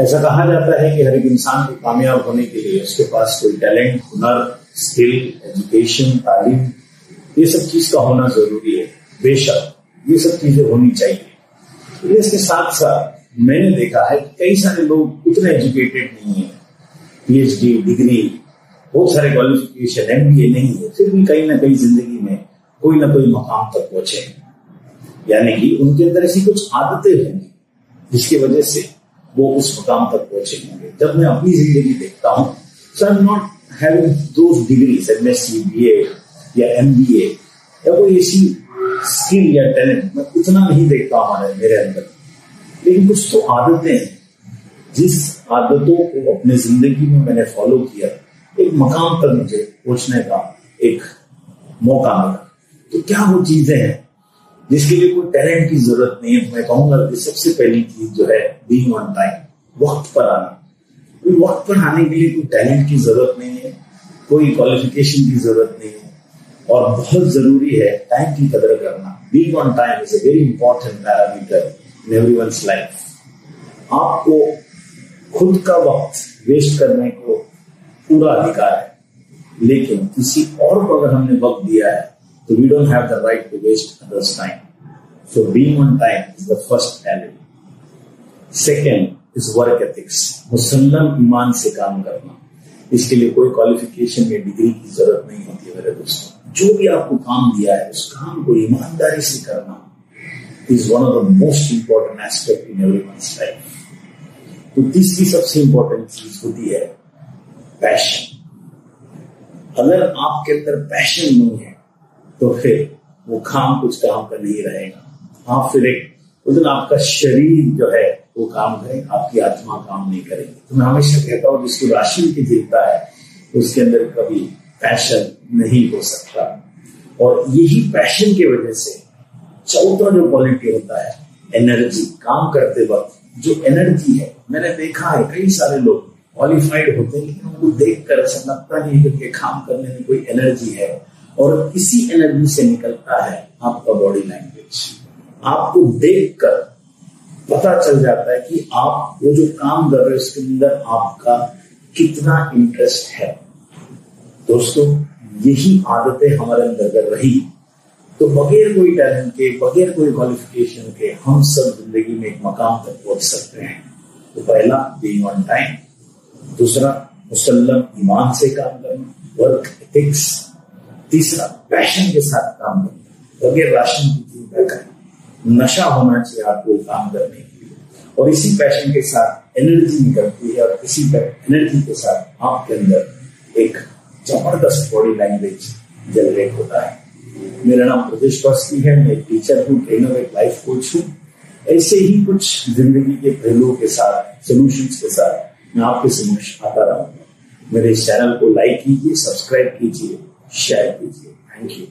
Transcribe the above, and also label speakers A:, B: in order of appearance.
A: ऐसा कहा जाता है कि हर एक इंसान को कामयाब होने के लिए उसके पास कोई टैलेंट हुनर स्किल एजुकेशन तालीम ये सब चीज का होना जरूरी है बेशक ये सब चीजें होनी चाहिए इसके साथ साथ मैंने देखा है कई सारे लोग उतने एजुकेटेड नहीं है पीएचडी डिग्री बहुत सारे क्वालिफिकेशन एम बी ए नहीं है फिर भी कहीं ना कहीं जिंदगी में कोई ना कोई मकाम तक पहुंचे यानी कि उनके अंदर ऐसी कुछ आदतें होंगी जिसकी वजह से वो उस मुकाम तक पहुंचे होंगे जब मैं अपनी जिंदगी देखता हूँ so I am not having degrees M S C B A या एम बी ए या कोई ऐसी स्किल या टैलेंट मैं उतना नहीं देखता हमारे मेरे अंदर लेकिन कुछ तो आदतें हैं जिस आदतों को अपने जिंदगी में मैंने फॉलो किया एक मकाम पर मुझे पहुंचने का एक मौका मिला तो क्या वो चीजें हैं जिसके लिए कोई टैलेंट की जरूरत नहीं है मैं कहूंगा कि सबसे पहली चीज जो है बीइंग ऑन टाइम वक्त पर आना कोई वक्त पर आने के लिए कोई टैलेंट की जरूरत नहीं है कोई क्वालिफिकेशन की जरूरत नहीं है और बहुत जरूरी है टाइम की कदर करना being on time is a very important parameter in everyone's life आपको खुद का वक्त वेस्ट करने को पूरा अधिकार है लेकिन किसी और को अगर हमने वक्त दिया है तो we don't have the right to waste others' time So being on time is the first value. Second is work ethics. मुसलम ईमान से काम करना इसके लिए कोई क्वालिफिकेशन या डिग्री की जरूरत नहीं होती है मेरे दोस्तों जो भी आपको काम दिया है उस काम को ईमानदारी से करना is one of the most important aspect in every month life तो तीसरी सबसे इंपॉर्टेंट चीज होती है पैशन अगर आपके अंदर पैशन नहीं है तो फिर वो काम कुछ काम का नहीं रहेगा आप फिरे उस दिन आपका शरीर जो है वो काम करे आपकी आत्मा काम नहीं करेगी तो मैं हमेशा कहता हूँ जिसकी राशि की देवता है उसके अंदर कभी पैशन नहीं हो सकता और यही पैशन की वजह से चौथा जो क्वालिटी होता है एनर्जी काम करते वक्त जो एनर्जी है मैंने देखा है कई सारे लोग क्वालिफाइड होते हैं लेकिन उनको देख कर ऐसा लगता नहीं है कि काम करने में कोई एनर्जी है और इसी एनर्जी से निकलता है आपका बॉडी लैंग्वेज आपको देखकर पता चल जाता है कि आप वो जो काम कर रहे हो उसके अंदर आपका कितना इंटरेस्ट है दोस्तों यही आदतें हमारे अंदर अगर रही तो बगैर कोई टैलेंट के बगैर कोई क्वालिफिकेशन के हम सब जिंदगी में एक मकाम तक पहुंच सकते हैं तो पहला बीइंग ऑन टाइम दूसरा मुसलम ईमान से काम करना वर्क एथिक्स तीसरा पैशन के साथ काम करना बगैर राशन की चिंता करना नशा होना चाहिए आपको काम करने के लिए और इसी पैशन के साथ एनर्जी निकलती है और इसी एनर्जी के साथ आपके अंदर एक जबरदस्त बॉडी लैंग्वेज जनरेट होता है मेरा नाम प्रदेश वास्की है मैं एक टीचर हूँ ट्रेनर एक लाइफ कोच हूँ ऐसे ही कुछ जिंदगी के पहलुओं के साथ सोल्यूशन के साथ मैं आपके समक्ष आता रहूंगा मेरे इस चैनल को लाइक कीजिए सब्सक्राइब कीजिए शेयर कीजिए थैंक यू